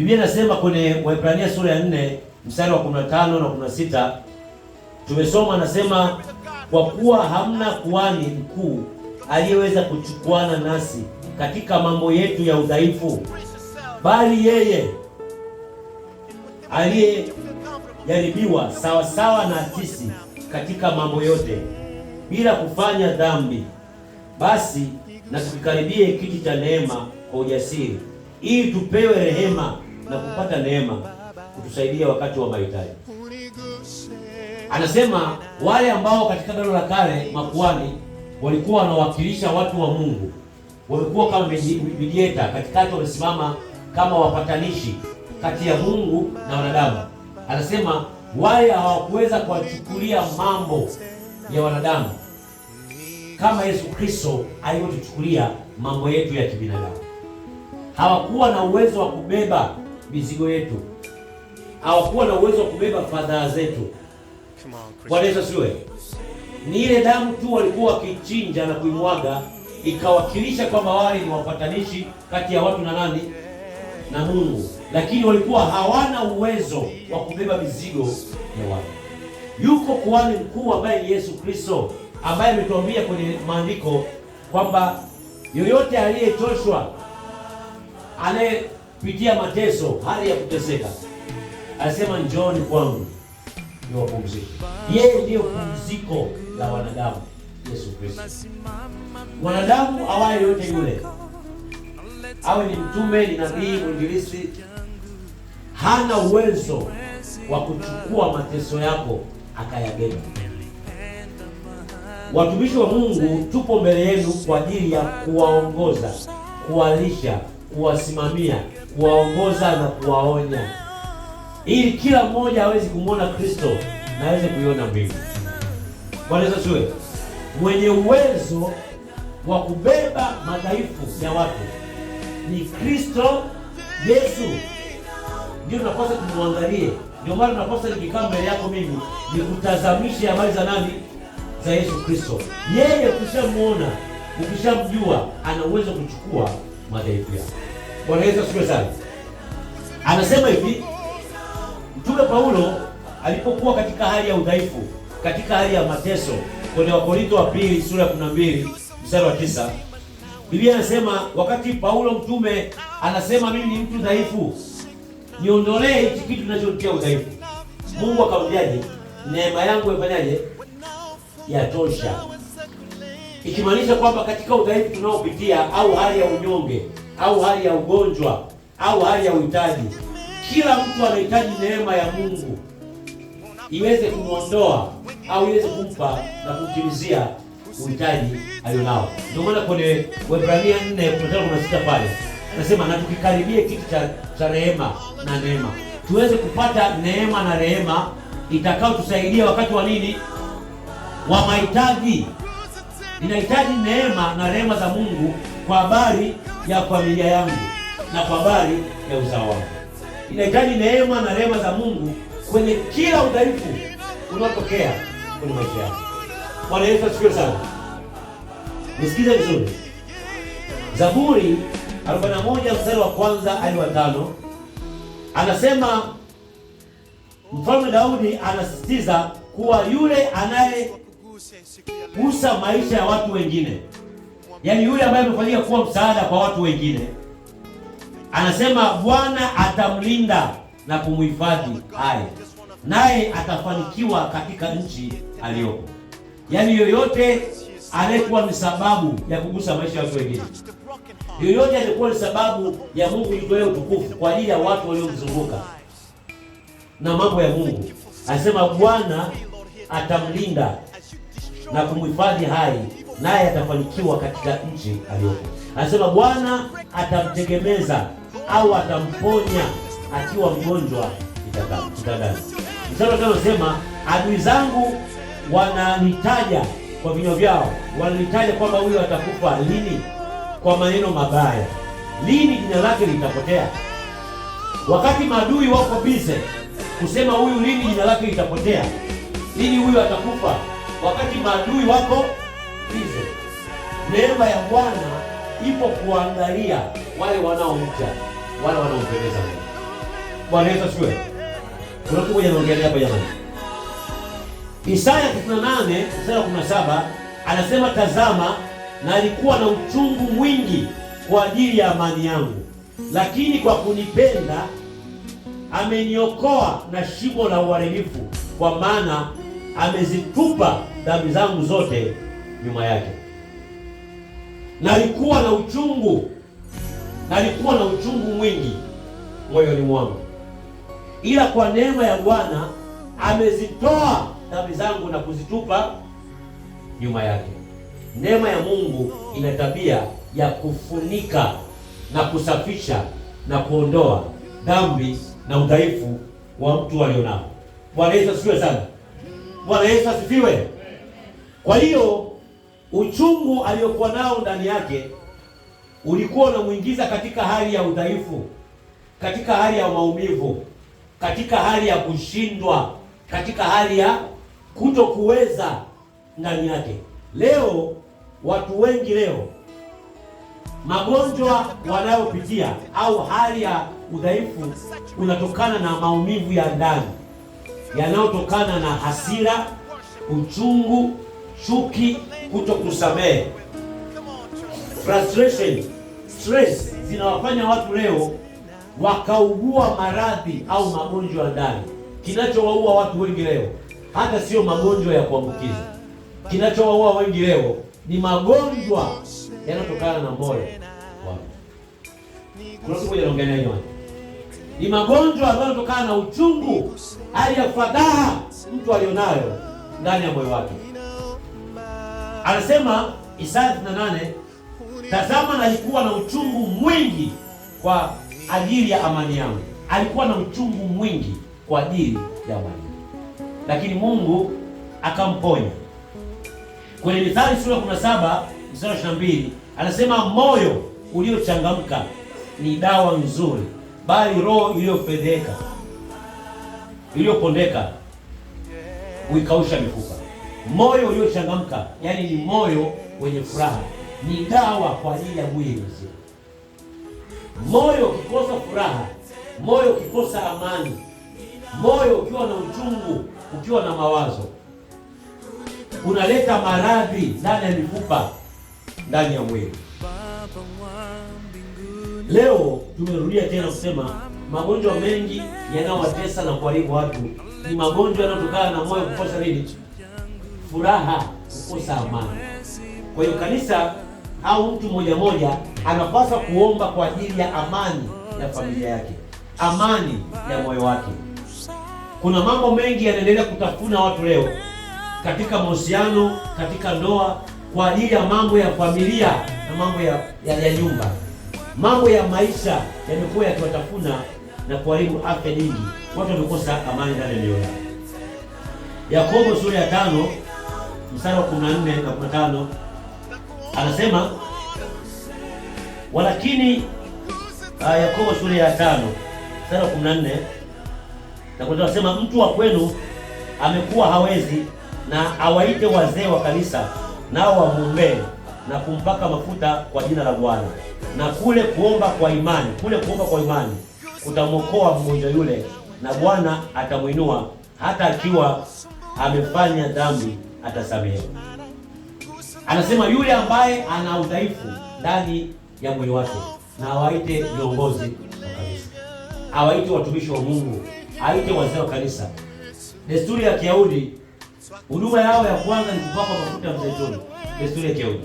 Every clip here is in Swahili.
Biblia inasema kwenye Waebrania sura ya 4 mstari wa 15 na 16, tumesoma anasema, kwa kuwa hamna kuhani mkuu aliyeweza kuchukuana nasi katika mambo yetu ya udhaifu, bali yeye aliyejaribiwa sawasawa na sisi katika mambo yote, bila kufanya dhambi. Basi na tukikaribie kiti cha neema kwa ujasiri, ili tupewe rehema na kupata neema kutusaidia wakati wa mahitaji. Anasema wale ambao katika gano la kale makuhani walikuwa wanawakilisha watu wa Mungu, walikuwa kama medieta katikati, wamesimama kama wapatanishi kati ya Mungu na wanadamu. Anasema wale hawakuweza kuwachukulia mambo ya wanadamu kama Yesu Kristo alivyotuchukulia mambo yetu ya kibinadamu. Hawakuwa na uwezo wa kubeba mizigo yetu, hawakuwa na uwezo wa kubeba fadhaa zetu. Bwana Yesu asiwe. Ni ile damu tu walikuwa wakichinja na kuimwaga, ikawakilisha kwamba wale ni wapatanishi kati ya watu na nani na Mungu, lakini walikuwa hawana uwezo wa kubeba mizigo ya watu. Yuko kuhani mkuu ambaye ni Yesu Kristo, ambaye ametuambia kwenye maandiko kwamba yoyote aliyechoshwa anaye pitia mateso, hali ya kuteseka, anasema njoni kwangu ni wapumzike. Yeye ndiyo pumziko la wanadamu, Yesu Kristo. Mwanadamu awaye yote yule, awe ni mtume, ni nabii, mwinjilisti, hana uwezo wa kuchukua mateso yako akayabeba. Watumishi wa Mungu tupo mbele yenu kwa ajili ya kuwaongoza, kuwalisha, kuwasimamia kuwaongoza na kuwaonya, ili kila mmoja aweze kumwona Kristo na aweze kuiona mbingu. Bwana Yesu asifiwe. Mwenye uwezo wa kubeba madhaifu ya watu ni Kristo Yesu, ndio tunapaswa tumwangalie. Ndio maana tunapaswa, nikikaa mbele yako mimi, nikutazamishe habari za nani? Za Yesu Kristo. Yeye ukishamuona, ukishamjua, ana uwezo kuchukua madhaifu yako. Bwana Yesu asifiwe sana. Anasema hivi Mtume Paulo alipokuwa katika hali ya udhaifu, katika hali ya mateso, kwenye Wakorintho wa pili sura ya 12 mstari wa tisa Biblia anasema wakati Paulo mtume anasema mimi ni mtu dhaifu, niondolee hichi kitu kinachotia udhaifu. Mungu akamjaje? Neema yangu ifanyaje? Yatosha, ikimaanisha kwamba katika udhaifu tunaopitia au hali ya unyonge au hali ya ugonjwa au hali ya uhitaji. Kila mtu anahitaji neema ya Mungu iweze kumwondoa au iweze kumpa na kumtimizia uhitaji alionao. Ndio maana kwenye Waebrania 4 kuna sita pale anasema, na tukikaribie kiti cha, cha rehema na neema, tuweze kupata neema na rehema itakayotusaidia wakati wa nini, wa mahitaji. Inahitaji neema na rehema za Mungu kwa habari ya familia yangu na kwa habari ya uzao wangu. Inahitaji neema na rehema za Mungu kwenye kila udhaifu unaotokea kwenye maisha yako. Bwana Yesu asifiwe sana. Nisikize vizuri. Zaburi 41 mstari wa kwanza hadi wa tano anasema Mfalme Daudi anasisitiza kuwa yule anayegusa maisha ya watu wengine yaani yule ambaye amefanyika kuwa msaada kwa watu wengine, anasema Bwana atamlinda na kumhifadhi hai, naye atafanikiwa katika nchi aliyopo. Yaani yoyote anayekuwa ni sababu ya kugusa maisha ya watu wengine, yoyote alikuwa ni sababu ya Mungu itoe utukufu kwa ajili ya watu waliomzunguka na mambo ya Mungu, anasema Bwana atamlinda na kumhifadhi hai naye atafanikiwa katika nchi aliyopo. Anasema Bwana atamtegemeza au atamponya akiwa mgonjwa kitandani. Mstari anasema adui zangu wananitaja kwa vinywa vyao, wananitaja kwamba huyo atakufa lini, kwa maneno mabaya. Lini jina lake litapotea? Wakati maadui wako bize kusema huyu lini jina lake litapotea, lini huyu atakufa, wakati maadui wako Neema ya Bwana ipo kuangalia wale wanaomcha, wale wanaompendeza Mungu. Bwana Yesu asifiwe. Kuna kitu kwenye naongelea hapa jamani. Isaya 18, Isaya 17 anasema tazama, na alikuwa na uchungu mwingi kwa ajili ya amani yangu, lakini kwa kunipenda ameniokoa na shimo la uharibifu, kwa maana amezitupa dhambi zangu zote nyuma yake nalikuwa na uchungu, nalikuwa na uchungu mwingi moyoni mwangu, ila kwa neema ya Bwana amezitoa dhambi zangu na kuzitupa nyuma yake. Neema ya Mungu ina tabia ya kufunika na kusafisha na kuondoa dhambi na udhaifu wa mtu alionao. Bwana Yesu asifiwe sana. Bwana Yesu asifiwe. Kwa hiyo uchungu aliyokuwa nao ndani yake ulikuwa unamuingiza katika hali ya udhaifu, katika hali ya maumivu, katika hali ya kushindwa, katika hali ya kutokuweza ndani yake. Leo watu wengi leo magonjwa wanayopitia au hali ya udhaifu unatokana na maumivu ya ndani yanayotokana na hasira, uchungu, chuki kuto kusamehe, frustration, stress zinawafanya watu leo wakaugua maradhi au magonjwa ndani. Kinachowaua watu wengi leo hata sio magonjwa ya kuambukiza. Kinachowaua wengi leo ni magonjwa yanayotokana na moyo wao, ni magonjwa yanayotokana na uchungu, hali ya fadhaa mtu alionayo ndani ya moyo wake. Anasema Isaya 38, tazama nalikuwa na uchungu mwingi kwa ajili ya amani yangu. Alikuwa na uchungu mwingi kwa ajili ya amani, lakini Mungu akamponya. Kwenye Mithali sura 17 mstari 22 anasema moyo uliochangamka ni dawa nzuri, bali roho iliyofedheka iliyopondeka huikausha mifupa moyo uliochangamka, yaani ni moyo wenye furaha, ni dawa kwa ajili ya mwili mzima. Moyo ukikosa furaha, moyo ukikosa amani, moyo ukiwa na uchungu, ukiwa na mawazo, unaleta maradhi ndani ya mifupa, ndani ya mwili. Leo tumerudia tena kusema magonjwa mengi yanayowatesa na kuharibu watu ni magonjwa yanayotokana na moyo kukosa nini? furaha, kukosa amani. Kwa hiyo kanisa au mtu mmoja mmoja anapaswa kuomba kwa ajili ya amani ya familia yake, amani ya moyo wake. Kuna mambo mengi yanaendelea kutafuna watu leo katika mahusiano, katika ndoa, kwa ajili ya mambo ya familia na mambo ya, ya, ya nyumba. Mambo ya maisha yamekuwa yakiwatafuna na kuharibu afya nyingi, watu wamekosa amani ndani ya ndoa. Yakobo sura ya tano mstari wa 14 na 15 anasema walakini, ah, Yakobo sura ya tano mstari wa 14 na anasema mtu wa kwenu amekuwa hawezi, na awaite wazee wa kanisa, nao wamwombee na kumpaka mafuta kwa jina la Bwana, na kule kuomba kwa imani, kule kuomba kwa imani kutamwokoa mgonjwa yule, na Bwana atamwinua hata akiwa amefanya dhambi atasamehewa. Anasema yule ambaye ana udhaifu ndani ya mwili wake, na awaite viongozi wa kanisa, awaite watumishi wa Mungu, aite wazee wa kanisa. Desturi ya Kiyahudi, huduma yao ya kwanza ni kupaka mafuta ya mzeituni. Desturi ya Kiyahudi.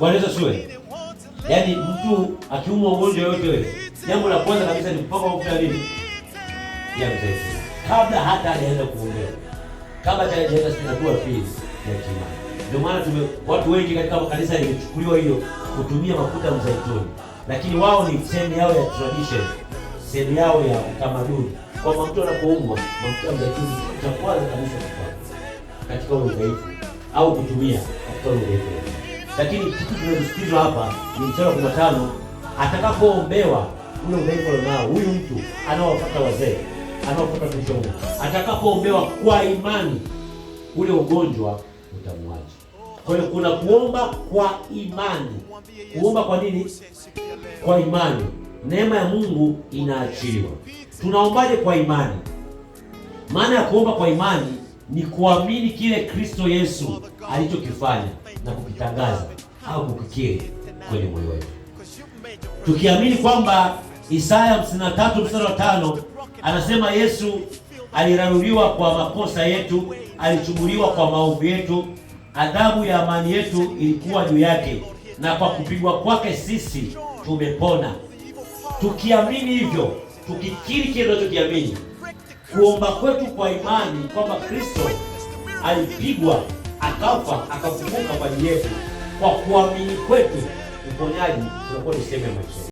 Bwana Yesu Yaani mtu akiumwa ugonjwa yoyote wewe, jambo la kwanza kabisa ni kupaka mafuta ya nini? Ya mzeituni, kabla hata hajaanza kuongea kabla hajaenda hatua fees ya kiimani. Ndio maana tume watu wengi katika kanisa ilichukuliwa hiyo kutumia mafuta mzaituni, lakini wao ni sehemu yao ya tradition, sehemu yao ya utamaduni, kwamba mtu anapoumwa mafuta mzaituni cha kwanza kabisa katika ule dhaifu au kutumia mafuta ule dhaifu. Lakini kitu kinachosikizwa hapa ni mstari wa kumi atakapoombewa ule udhaifu alionao huyu mtu anaowapata wazee anaopata mwisho atakapoombewa kwa imani, ule ugonjwa utamwacha. Kwa hiyo kuna kuomba kwa imani. Kuomba kwa nini? Kwa imani. Neema ya Mungu inaachiliwa. Tunaombaje kwa imani? Maana ya kuomba kwa imani ni kuamini kile Kristo Yesu alichokifanya na kukitangaza au kukikiri kwenye moyo wetu, tukiamini kwamba Isaya 53 mstari wa Anasema Yesu aliraruliwa kwa makosa yetu, alichubuliwa kwa maovu yetu, adhabu ya amani yetu ilikuwa juu yake, na kwa kupigwa kwake sisi tumepona. Tukiamini hivyo, tukikiri kile tunachokiamini, kuomba kwetu kwa imani kwamba Kristo alipigwa, akafa, akafufuka kwa ajili yetu, kwa kuamini kwetu uponyaji unakuwa ni sehemu ya maisha.